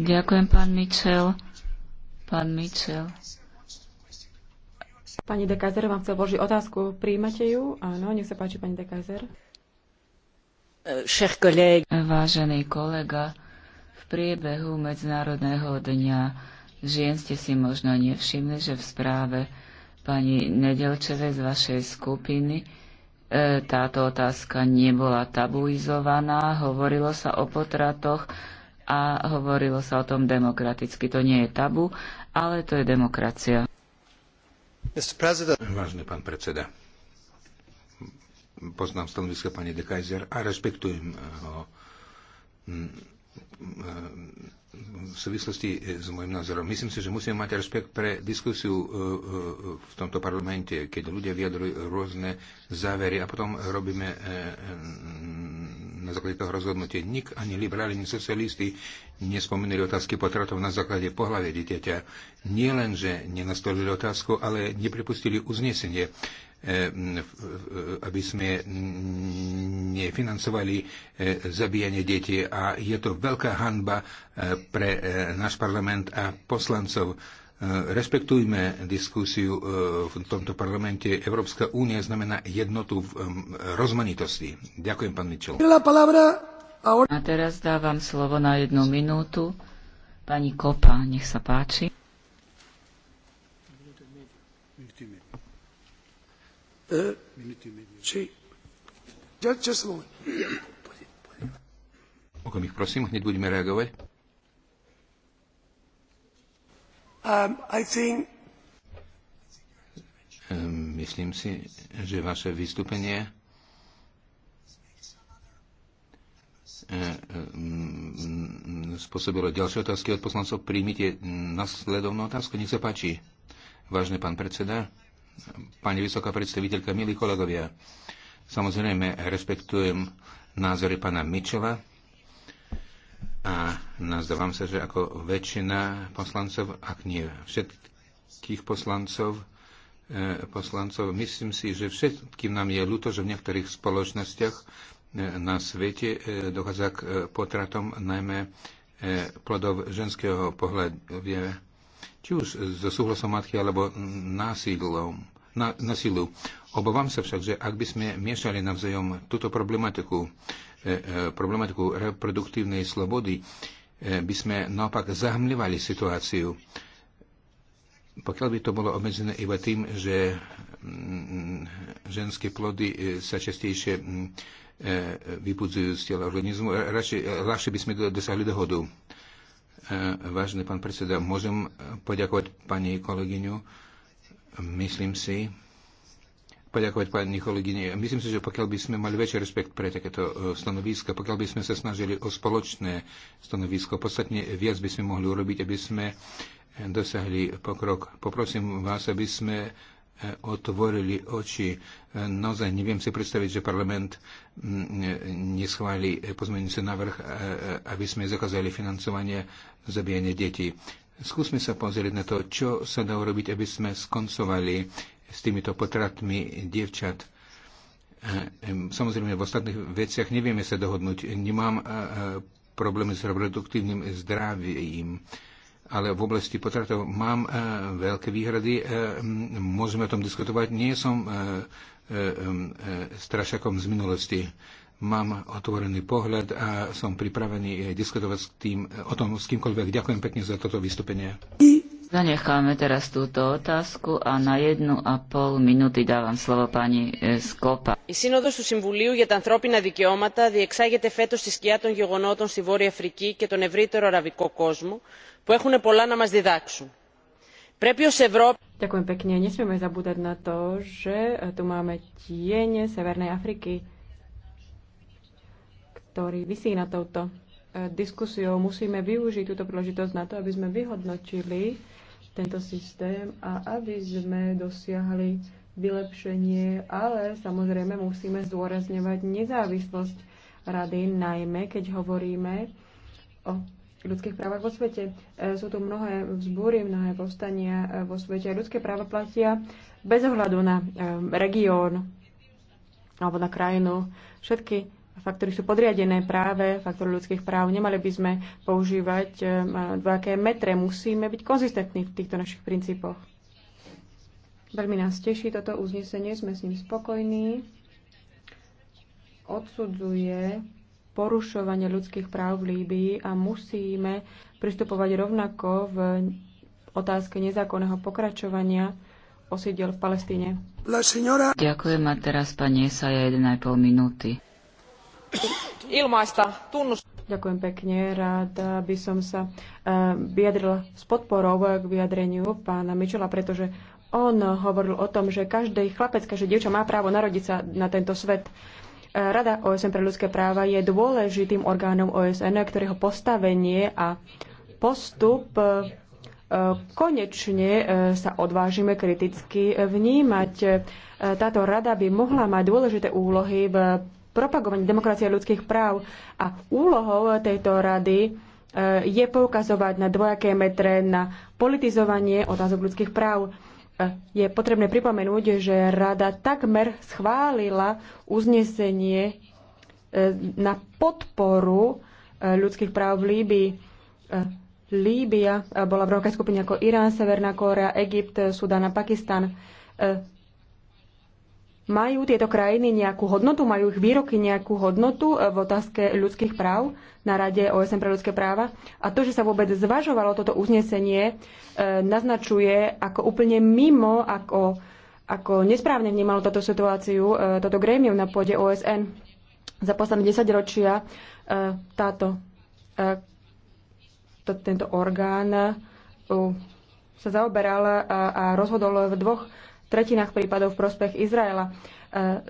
Ďakujem, pán Mitchell. Pán Mitchell. Pani de vám chce vložiť otázku. Príjmate ju? Áno, nech sa páči, pani de Vážený kolega, v priebehu Medzinárodného dňa žien ste si možno nevšimli, že v správe pani Nedelčevej z vašej skupiny e, táto otázka nebola tabuizovaná, hovorilo sa o potratoch a hovorilo sa o tom demokraticky. To nie je tabu ale to je demokracia. Vážny pán predseda, poznám stanovisko pani de Kaiser a rešpektujem ho. Mm, mm, v súvislosti e, s môjim názorom. Myslím si, že musíme mať rešpekt pre diskusiu e, e, v tomto parlamente, keď ľudia vyjadrujú rôzne závery a potom robíme na základe toho rozhodnutie. Nik ani liberáli, ani socialisti nespomínali otázky potratov na základe pohľavy dieťaťa. Nie len, že nenastolili otázku, ale nepripustili uznesenie. Eh, aby sme nefinancovali eh, zabíjanie detí. A je to veľká hanba eh, pre náš parlament a poslancov. Respektujme diskusiu v tomto parlamente. Európska únia znamená jednotu v rozmanitosti. Ďakujem, pán Mitchell. A teraz dávam slovo na jednu minútu. Pani Kopa, nech sa páči. Uh, Okamih, prosím, hneď budeme reagovať. Um, I think... Um, myslím si, že vaše vystúpenie uh, um, spôsobilo ďalšie otázky od poslancov. Príjmite nasledovnú otázku, nech sa páči. Vážne pán predseda, pani vysoká predstaviteľka, milí kolegovia. Samozrejme, respektujem názory pána Mičova a nazdávam sa, že ako väčšina poslancov, ak nie všetkých poslancov, e, poslancov. Myslím si, že všetkým nám je ľúto, že v niektorých spoločnostiach e, na svete e, dochádza k potratom najmä plodov ženského pohľadu či už so súhlasom matky alebo násilom, na, na silu. Obávam sa však, že ak by sme miešali navzájom túto problematiku, e, e problematiku reproduktívnej slobody, e, by sme naopak zahmlivali situáciu. Pokiaľ by to bolo obmedzené iba tým, že mm, ženské plody e, sa častejšie mm, e, vypudzujú z tela organizmu, ľahšie by sme dosahli dohodu. E, vážený pán predseda, môžem e, poďakovať pani kolegyňu. Myslím si, poďakovať pani kolegyne. Myslím si, že pokiaľ by sme mali väčší respekt pre takéto e, stanoviska, pokiaľ by sme sa snažili o spoločné stanovisko, podstatne viac by sme mohli urobiť, aby sme dosiahli pokrok. Poprosím vás, aby sme otvorili oči. Naozaj neviem si predstaviť, že parlament mm, neschváli pozmeňujúci návrh, e, e, aby sme zakázali financovanie zabíjania detí. Skúsme sa pozrieť na to, čo sa dá urobiť, aby sme skoncovali s týmito potratmi dievčat. E, samozrejme, v ostatných veciach nevieme sa dohodnúť. Nemám problémy s reproduktívnym zdravím ale v oblasti potratov mám e, veľké výhrady. E, môžeme o tom diskutovať. Nie som e, strašakom z minulosti. Mám otvorený pohľad a som pripravený diskutovať s tým, o tom s kýmkoľvek. Ďakujem pekne za toto vystúpenie. Zanecháme teraz túto otázku a na jednu a pol minúty dávam slovo pani e, Skopa. Η Σύνοδος του Συμβουλίου για τα ανθρώπινα δικαιώματα διεξάγεται φέτος στη σκιά των γεγονότων στη Βόρεια Αφρική και τον ευρύτερο αραβικό κόσμο που έχουν πολλά να μας διδάξουν. Πρέπει ως Ευρώπη... Ďakujem pekne. Nesmieme zabúdať na to, že e, tu máme tiene Severnej Afriky, ktorý vysí na touto e, diskusiou musíme využiť túto príležitosť na to, aby sme vyhodnotili tento systém a aby sme dosiahli vylepšenie, ale samozrejme musíme zdôrazňovať nezávislosť rady, najmä keď hovoríme o ľudských právach vo svete. E, sú tu mnohé vzbúry, mnohé povstania e, vo svete a ľudské práva platia bez ohľadu na e, región alebo na krajinu. Všetky faktory sú podriadené práve faktory ľudských práv. Nemali by sme používať e, dvojaké metre. Musíme byť konzistentní v týchto našich princípoch. Veľmi nás teší toto uznesenie, sme s ním spokojní. Odsudzuje porušovanie ľudských práv v Líbii a musíme pristupovať rovnako v otázke nezákonného pokračovania osídel v Palestíne. Ďakujem a teraz pani Esaja 1,5 minúty ilmaista tunnustus. Ďakujem pekne. Rád by som sa e, vyjadrila s podporou k vyjadreniu pána Mičela, pretože on hovoril o tom, že každý chlapec, každá dievča má právo narodiť sa na tento svet. E, rada OSN pre ľudské práva je dôležitým orgánom OSN, ktorého postavenie a postup e, konečne sa odvážime kriticky vnímať. Táto rada by mohla mať dôležité úlohy v propagovanie demokracie a ľudských práv. A úlohou tejto rady e, je poukazovať na dvojaké metre, na politizovanie otázok ľudských práv. E, je potrebné pripomenúť, že rada takmer schválila uznesenie e, na podporu ľudských práv v Líbii. Líbia bola v rovnakej skupine ako Irán, Severná Kórea, Egypt, Sudán a Pakistan. Majú tieto krajiny nejakú hodnotu? Majú ich výroky nejakú hodnotu e, v otázke ľudských práv na Rade OSN pre ľudské práva? A to, že sa vôbec zvažovalo toto uznesenie, e, naznačuje ako úplne mimo, ako, ako nesprávne vnímalo toto situáciu, e, toto grémium na pôde OSN. Za posledné 10 ročia táto, to, tento orgán sa zaoberal a, a rozhodol v dvoch tretinách prípadov v prospech Izraela. E,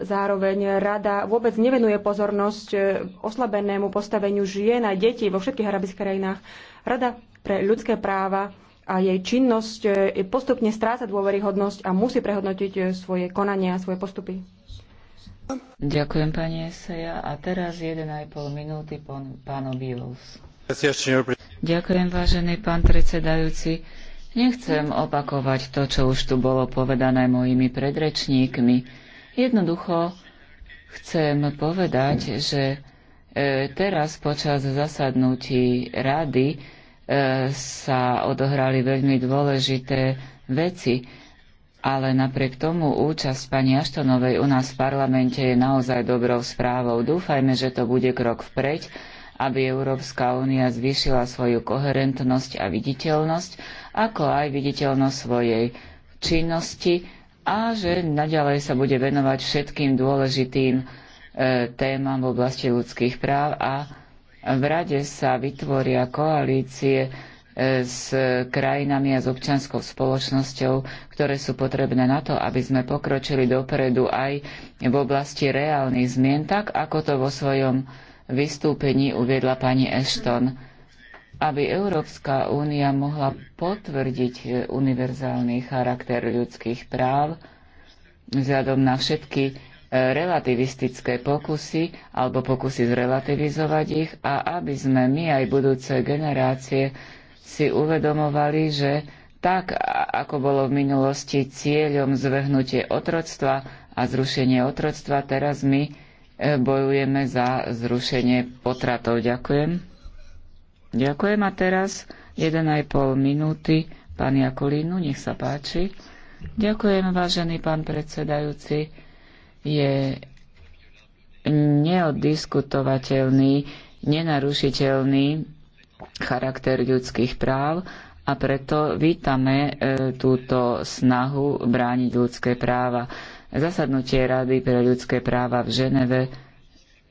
zároveň rada vôbec nevenuje pozornosť e, oslabenému postaveniu žien a detí vo všetkých arabských krajinách. Rada pre ľudské práva a jej činnosť e, postupne stráca dôveryhodnosť a musí prehodnotiť svoje konania a svoje postupy. Ďakujem, pani Eseja. A teraz 1,5 minúty pán, pán Ďakujem, vážený pán predsedajúci. Nechcem opakovať to, čo už tu bolo povedané mojimi predrečníkmi. Jednoducho chcem povedať, že e, teraz počas zasadnutí rady e, sa odohrali veľmi dôležité veci, ale napriek tomu účasť pani Aštonovej u nás v parlamente je naozaj dobrou správou. Dúfajme, že to bude krok vpreď, aby Európska únia zvýšila svoju koherentnosť a viditeľnosť ako aj viditeľnosť svojej činnosti a že naďalej sa bude venovať všetkým dôležitým e, témam v oblasti ľudských práv a v rade sa vytvoria koalície e, s krajinami a s občanskou spoločnosťou, ktoré sú potrebné na to, aby sme pokročili dopredu aj v oblasti reálnych zmien, tak ako to vo svojom vystúpení uviedla pani Ashton aby Európska únia mohla potvrdiť e, univerzálny charakter ľudských práv vzhľadom na všetky e, relativistické pokusy alebo pokusy zrelativizovať ich a aby sme my aj budúce generácie si uvedomovali, že tak, ako bolo v minulosti cieľom zvrhnutie otroctva a zrušenie otroctva, teraz my e, bojujeme za zrušenie potratov. Ďakujem. Ďakujem a teraz 1,5 minúty pán Jakolínu, nech sa páči. Ďakujem, vážený pán predsedajúci. Je neoddiskutovateľný, nenarušiteľný charakter ľudských práv a preto vítame e, túto snahu brániť ľudské práva. Zasadnutie Rady pre ľudské práva v Ženeve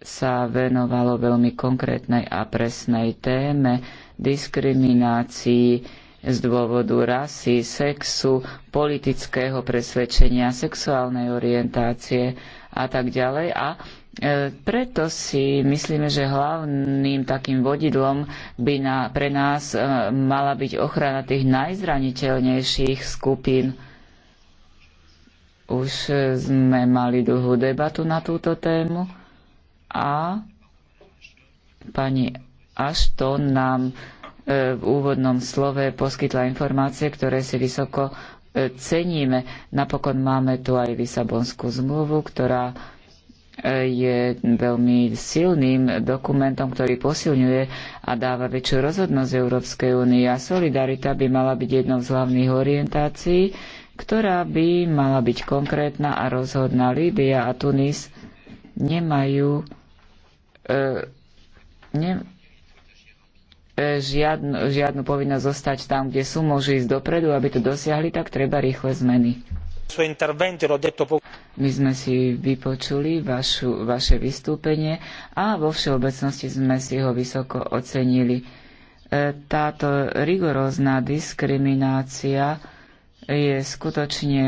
sa venovalo veľmi konkrétnej a presnej téme diskriminácii z dôvodu rasy, sexu, politického presvedčenia, sexuálnej orientácie a tak ďalej. A e, preto si myslíme, že hlavným takým vodidlom by na, pre nás e, mala byť ochrana tých najzraniteľnejších skupín. Už sme mali dlhú debatu na túto tému a pani Ashton nám e, v úvodnom slove poskytla informácie, ktoré si vysoko e, ceníme. Napokon máme tu aj Lisabonskú zmluvu, ktorá e, je veľmi silným dokumentom, ktorý posilňuje a dáva väčšiu rozhodnosť Európskej únie. A solidarita by mala byť jednou z hlavných orientácií, ktorá by mala byť konkrétna a rozhodná. Líbia a Tunis nemajú E, ne, e, žiadnu, žiadnu povinnosť zostať tam, kde sú, môžu ísť dopredu, aby to dosiahli, tak treba rýchle zmeny. My sme si vypočuli vašu, vaše vystúpenie a vo všeobecnosti sme si ho vysoko ocenili. E, táto rigorózna diskriminácia je skutočne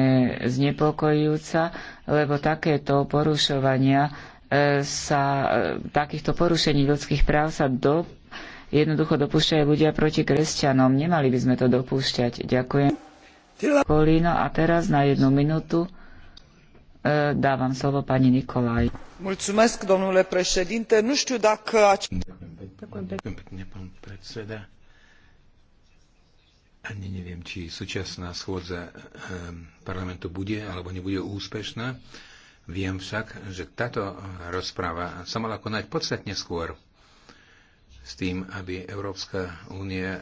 znepokojujúca, lebo takéto porušovania E, sa e, takýchto porušení ľudských práv sa do, jednoducho dopúšťajú ľudia proti kresťanom. Nemali by sme to dopúšťať. Ďakujem. Kolíno, a teraz na jednu minútu e, dávam slovo pani Nikolaj. Mulțumesc, domnule președinte. Nu știu dacă... Ďakujem pekne, pán predseda. Ani neviem, či súčasná schôdza ehm, parlamentu bude alebo nebude úspešná. Viem však, že táto rozpráva sa mala konať podstatne skôr s tým, aby Európska únia eh,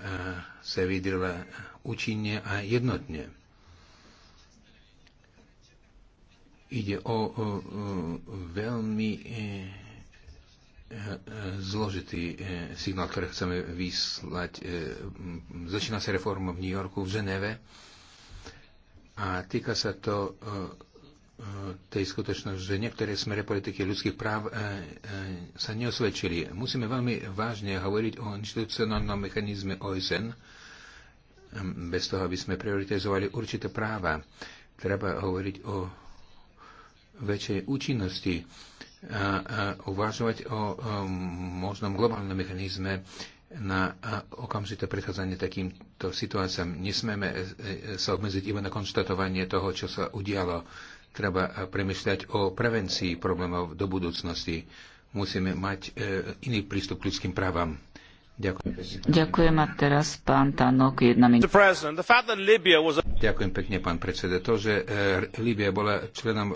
sa vydrila účinne a jednotne. Ide o, o, o veľmi e, zložitý signál, ktorý chceme vyslať. Začína sa reforma v New Yorku, v Ženeve a týka sa to tej skutočnosti, že niektoré smere politiky ľudských práv e, e, sa neosvedčili. Musíme veľmi vážne hovoriť o inštitucionálnom mechanizme OSN, bez toho, aby sme prioritizovali určité práva. Treba hovoriť o väčšej účinnosti a, a uvažovať o, o možnom globálnom mechanizme na okamžité prechádzanie takýmto situáciám. Nesmieme e, sa obmedziť iba na konštatovanie toho, čo sa udialo Treba eh, premyšľať o prevencii problémov do budúcnosti. Musíme mať e, iný prístup k ľudským právam. Ďakujem. Ďakujem a teraz pán Tanok, jedna minúta. Ďakujem pekne, pán predseda. To, že e, eh, Líbia bola členom e,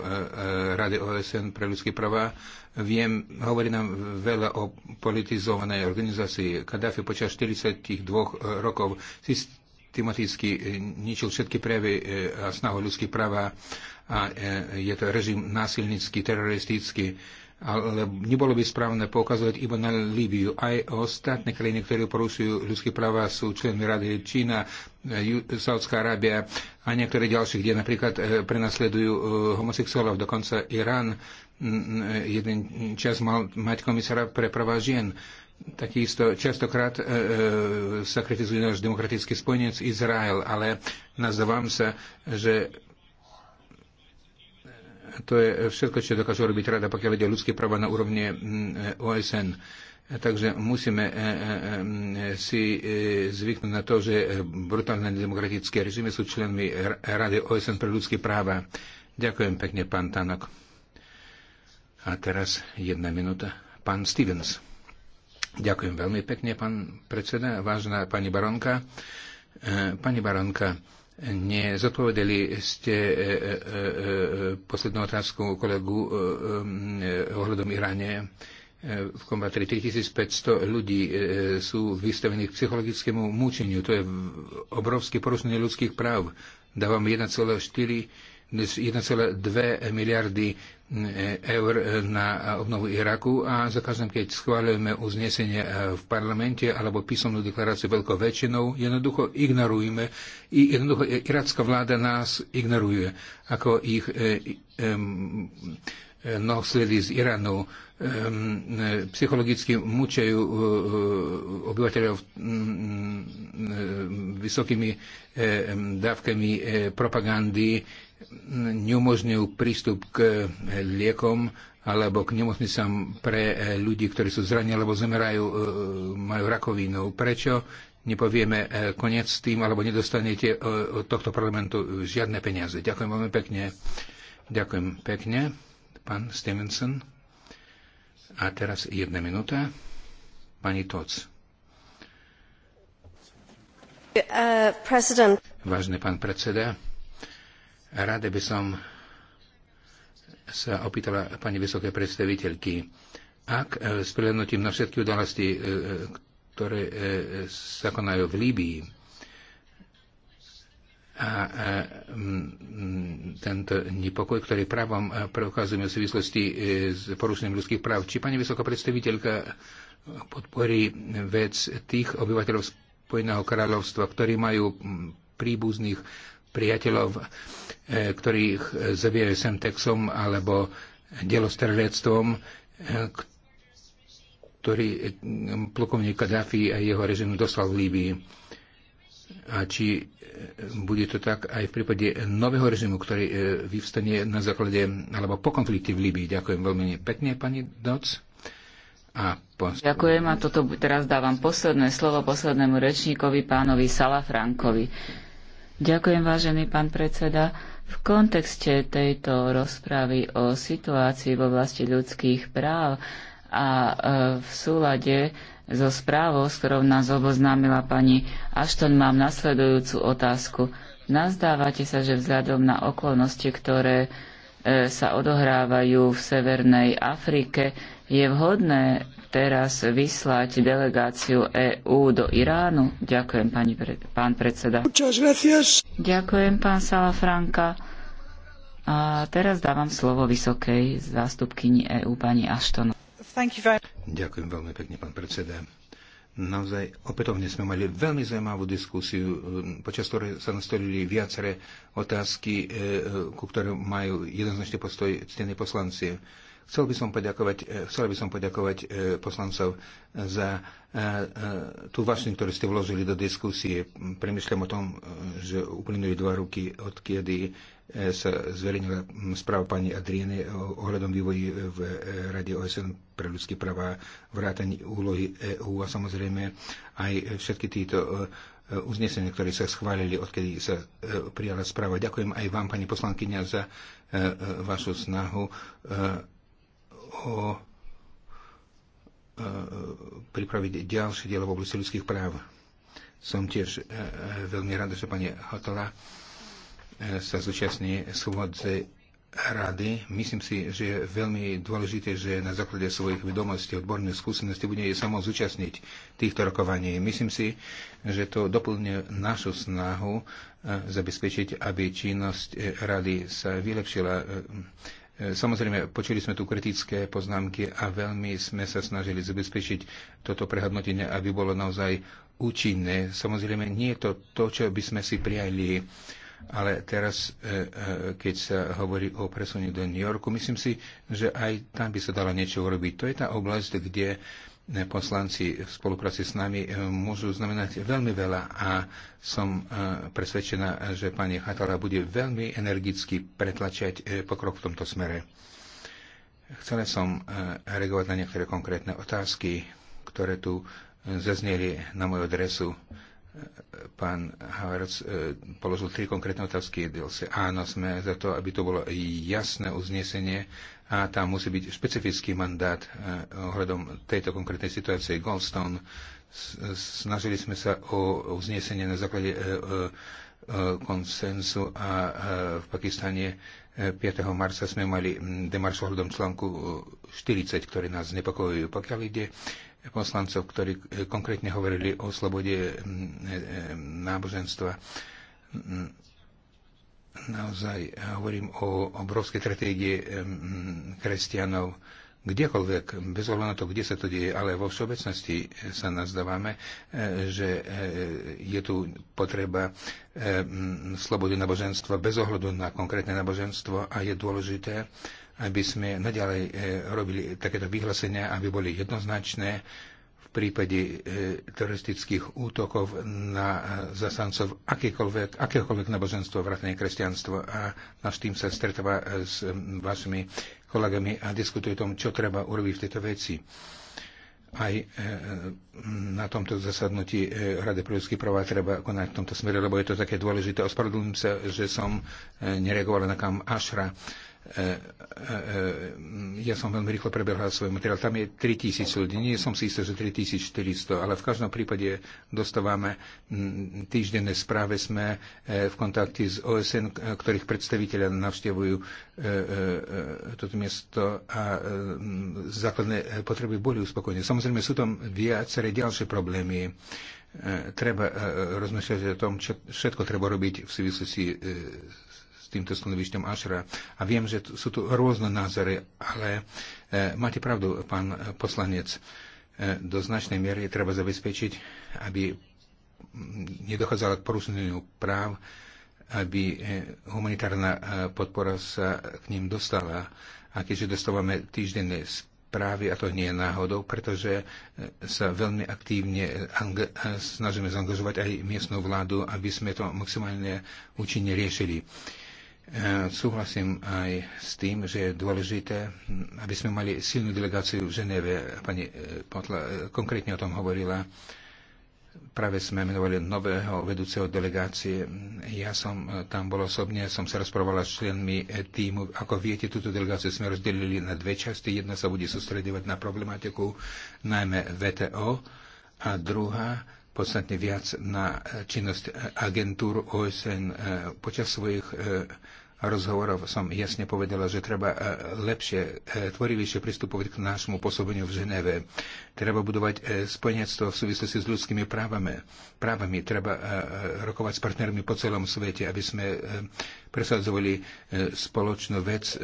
Rady OSN pre ľudské práva, viem, hovorí nám veľa o politizovanej organizácii. Kadáfi počas 42 rokov systematicky ničil všetky prejavy a snahu ľudských práva a e, je to režim násilnícky, teroristický, ale nebolo by správne poukazovať iba na Líbiu. Aj ostatné krajiny, ktoré porušujú ľudské práva, sú členmi Rady Čína, e, Saudská Arábia a niektoré ďalšie, kde napríklad e, prenasledujú homosexuálov, dokonca Irán jeden čas mal mať komisára pre práva žien. Takisto častokrát e, sa kritizuje náš demokratický spojenec Izrael, ale nazdávam sa, že to je všetko, čo dokáže robiť rada, pokiaľ ide o ľudské práva na úrovni mm, OSN. Takže musíme e, e, e, si zvyknúť na to, že brutálne demokratické režimy sú členmi Rady OSN pre ľudské práva. Ďakujem pekne, pán Tanok. A teraz jedna minúta. Pán Stevens. Ďakujem veľmi pekne, pán predseda, vážna pani baronka. Pani baronka, Nezodpovedali ste e, e, e, poslednú otázku kolegu ohľadom Iráne. V kombatri 3500 ľudí sú vystavení k psychologickému mučeniu. To je obrovské porušenie ľudských práv. Dávam 1,4 1,2 miliardy eh, eur eh, na obnovu Iraku a za každým, keď schváľujeme uznesenie eh, v parlamente alebo písomnú deklaráciu veľkou väčšinou, jednoducho ignorujeme. I jednoducho iracká vláda nás ignoruje, ako ich nosledy z Iránu, psychologicky mučajú obyvateľov mm, mm, vysokými dávkami propagandy, neumožňujú prístup k liekom alebo k nemocnicám pre eh, ľudí, ktorí sú zranení alebo zomerajú, eh, majú rakovinu. Prečo nepovieme eh, koniec s tým, alebo nedostanete od tohto parlamentu žiadne peniaze? Ďakujem veľmi pekne. Ďakujem pekne, pán Stevenson. A teraz jedna minúta. Pani Toc. Uh, Vážne pán predseda, Rada by som sa opýtala pani vysoké predstaviteľky, ak e, s prihľadnutím na všetky udalosti, e, e, ktoré sa konajú v Líbii, a tento nepokoj, ktorý právom preukazujeme v súvislosti s porušením ľudských práv. Či pani vysoká predstaviteľka podporí vec tých obyvateľov Spojeného kráľovstva, ktorí majú príbuzných priateľov, e, ktorých sem texom alebo delostrelectvom, e, ktorý e, plukovník Kadáfi a jeho režim dostal v Líbii. A či bude to tak aj v prípade nového režimu, ktorý vyvstane na základe alebo po konflikte v Líbii. Ďakujem veľmi pekne, pani Doc. A pos- Ďakujem a toto teraz dávam posledné slovo poslednému rečníkovi, pánovi Salafrankovi. Ďakujem, vážený pán predseda. V kontexte tejto rozpravy o situácii v oblasti ľudských práv a e, v súlade so správou, s ktorou nás oboznámila pani Ashton, mám nasledujúcu otázku. Nazdávate sa, že vzhľadom na okolnosti, ktoré e, sa odohrávajú v Severnej Afrike, je vhodné teraz vyslať delegáciu EÚ do Iránu? Ďakujem, pani pre, pán predseda. Ďakujem, pán Salafranka. A teraz dávam slovo vysokej zástupkyni EÚ, pani Ashton. Ďakujem veľmi pekne, pán predseda. Naozaj opätovne sme mali veľmi zaujímavú diskusiu, eh, počas ktorej sa nastolili viaceré otázky, eh, ku ktorým majú jednoznačný postoj ctení poslanci Chcel by som poďakovať, e, chcel by som poďakovať e, poslancov za e, tú vášnu, ktorú ste vložili do diskusie. Premýšľam o tom, že uplynuli dva roky, odkedy sa zverejnila správa pani Adriene ohľadom vývoji v Rade OSN pre ľudské práva, vrátanie úlohy EÚ a samozrejme aj všetky títo uznesenia, ktoré sa schválili, odkedy sa prijala správa. Ďakujem aj vám, pani poslankyňa, za vašu snahu o e, pripraviť ďalšie dielo v oblasti ľudských práv. Som tiež e, veľmi rád, že pani Hotola e, sa zúčastní schôdze rady. Myslím si, že je veľmi dôležité, že na základe svojich vedomostí, odborných skúseností bude jej samo zúčastniť týchto rokovaní. Myslím si, že to doplňuje našu snahu e, zabezpečiť, aby činnosť e, rady sa vylepšila e, E, samozrejme, počuli sme tu kritické poznámky a veľmi sme sa snažili zabezpečiť toto prehodnotenie, aby bolo naozaj účinné. Samozrejme, nie je to to, čo by sme si prijali. Ale teraz, e, e, keď sa hovorí o presune do New Yorku, myslím si, že aj tam by sa dalo niečo urobiť. To je tá oblasť, kde poslanci v spolupráci s nami e, môžu znamenať veľmi veľa a som e, presvedčená, že pani Hatala bude veľmi energicky pretlačať e, pokrok v tomto smere. Chcela som reagovať na niektoré konkrétne otázky, ktoré tu zazneli na moju adresu. Pán Havertz položil tri konkrétne otázky. Áno, sme za to, aby to bolo jasné uznesenie, a tam musí byť špecifický mandát eh, ohľadom tejto konkrétnej situácie. Goldstone snažili sme sa o uznesenie na základe eh, eh, konsensu a v Pakistane 5. marca sme mali hm, demarš ohľadom článku 40, ktorý nás znepokojujú. Pokiaľ ide poslancov, ktorí konkrétne hovorili o slobode hm, náboženstva, hm, Naozaj eh, hovorím o obrovskej stratégie kresťanov kdekoľvek, bez ohľadu na to, kde sa to deje, ale vo všeobecnosti eh, sa nazdávame, eh, že je tu potreba slobody náboženstva bez ohľadu na konkrétne náboženstvo a je dôležité, aby sme nadalej robili takéto vyhlásenia, aby boli jednoznačné, prípade e, teroristických útokov na e, zasancov akékoľvek, akéhokoľvek náboženstvo, vrátane kresťanstvo a náš tým sa stretáva e, s vašimi kolegami a diskutuje o tom, čo treba urobiť v tejto veci. Aj na tomto zasadnutí Rady pre ľudské práva treba konať v tomto smere, lebo je to také dôležité. Ospravedlňujem sa, že som nereagoval na kam Ašra. E, e, e, ja som veľmi rýchlo prebehal svoj materiál, tam je 3000 ľudí, nie som si istý, že 3400, ale v každom prípade dostávame týždenné správe, sme v kontakte s OSN, ktorých predstaviteľia navštevujú toto miesto a základné potreby boli uspokojené. Samozrejme sú tam viaceré ďalšie problémy treba rozmýšľať o tom, čo všetko treba robiť v súvislosti týmto stanovišťom Ašra. A viem, že sú tu rôzne názory, ale e, máte pravdu, pán poslanec. E, do značnej miery treba zabezpečiť, aby nedochádzala k porušeniu práv, aby e, humanitárna podpora sa k ním dostala. A keďže dostávame týždenné správy, a to nie je náhodou, pretože sa veľmi aktívne snažíme zaangažovať aj miestnú vládu, aby sme to maximálne účinne riešili. E, súhlasím aj s tým, že je dôležité, aby sme mali silnú delegáciu v Ženeve. Pani e, Potla e, konkrétne o tom hovorila. Práve sme menovali nového vedúceho delegácie. Ja som tam bol osobne, som sa rozprávala s členmi týmu. Ako viete, túto delegáciu sme rozdelili na dve časti. Jedna sa bude sústredovať na problematiku, najmä VTO, a druhá podstatne viac na činnosť agentúr OSN počas svojich rozhovorov som jasne povedala, že treba e, lepšie, e, tvorivejšie pristupovať k nášmu pôsobeniu v Ženeve. Treba budovať e, spojenectvo v súvislosti s ľudskými právami. právami. Treba rokovať s partnermi po celom svete, aby sme presadzovali spoločnú vec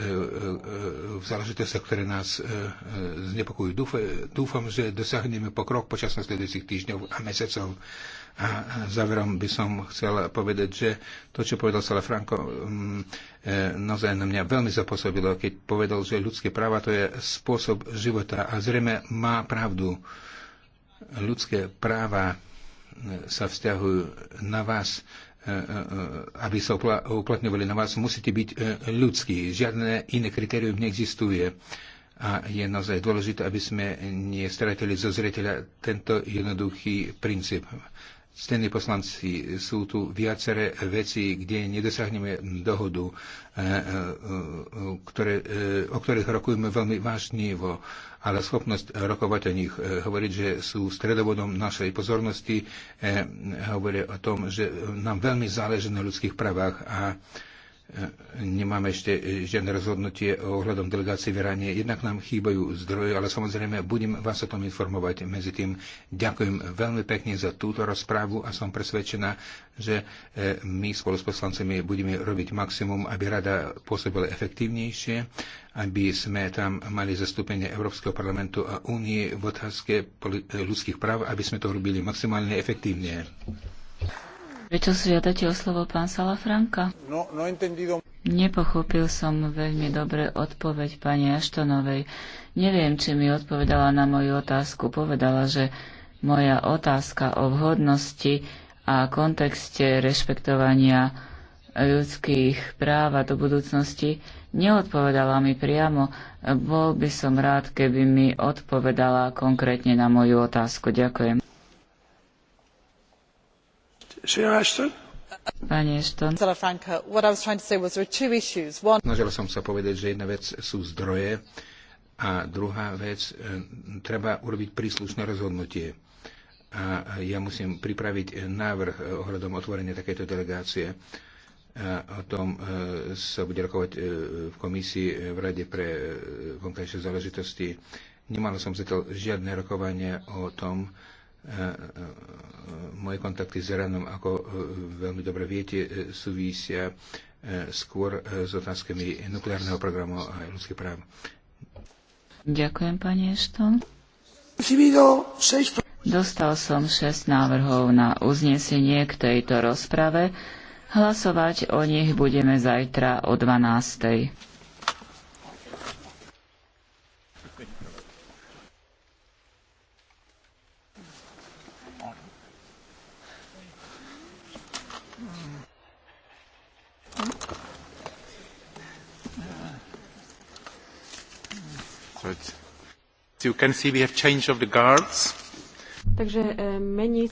v záležitostiach, ktoré nás znepokojujú. Dúfam, že dosiahneme pokrok počas nasledujúcich týždňov a mesiacov a záverom by som chcel povedať, že to, čo povedal Sala Franco, mm, e, naozaj na mňa veľmi zapôsobilo, keď povedal, že ľudské práva to je spôsob života a zrejme má pravdu. Ľudské práva e, sa vzťahujú na vás, e, aby sa uplatňovali na vás, musíte byť ľudskí. Žiadne iné kritérium neexistuje. A je naozaj dôležité, aby sme nestratili zo zreteľa tento jednoduchý princíp stejní poslanci, sú tu viaceré veci, kde nedosiahneme dohodu, e, e, e, ktoré, o ktorých rokujeme veľmi vážnivo, ale schopnosť rokovať o nich, hovoriť, že sú stredovodom našej pozornosti, hovorí o tom, že nám veľmi záleží na ľudských právach a nemáme ešte žiadne rozhodnutie ohľadom delegácie v Iráne. Jednak nám chýbajú zdroje, ale samozrejme budem vás o tom informovať. Medzi tým ďakujem veľmi pekne za túto rozprávu a som presvedčená, že e, my spolu s poslancami budeme robiť maximum, aby rada pôsobila efektívnejšie, aby sme tam mali zastúpenie Európskeho parlamentu a únie v otázke ľudských práv, aby sme to robili maximálne efektívne. Prečo žiadate o slovo pán Salafranka? No, no entendido. Nepochopil som veľmi dobre odpoveď pani Aštonovej. Neviem, či mi odpovedala na moju otázku. Povedala, že moja otázka o vhodnosti a kontexte rešpektovania ľudských práv a do budúcnosti neodpovedala mi priamo. Bol by som rád, keby mi odpovedala konkrétne na moju otázku. Ďakujem. Pani Ashton. Snažila som sa povedať, že jedna vec sú zdroje a druhá vec, e, treba urobiť príslušné rozhodnutie. A e, ja musím pripraviť e, návrh ohľadom otvorenia takejto delegácie. A o tom sa bude rokovať v komisii v Rade pre vonkajšie záležitosti. Nemala som zatiaľ žiadne rokovanie o tom, E, e, e, moje kontakty s Iránom, ako veľmi dobre viete, súvisia skôr s otázkami nukleárneho programu a ľudských práv. Ďakujem, pani Ešton. Dostal som 6 návrhov na uznesenie k tejto rozprave. Hlasovať o nich budeme zajtra o 12. takže mení sa we have change of the guards. Takže e, mení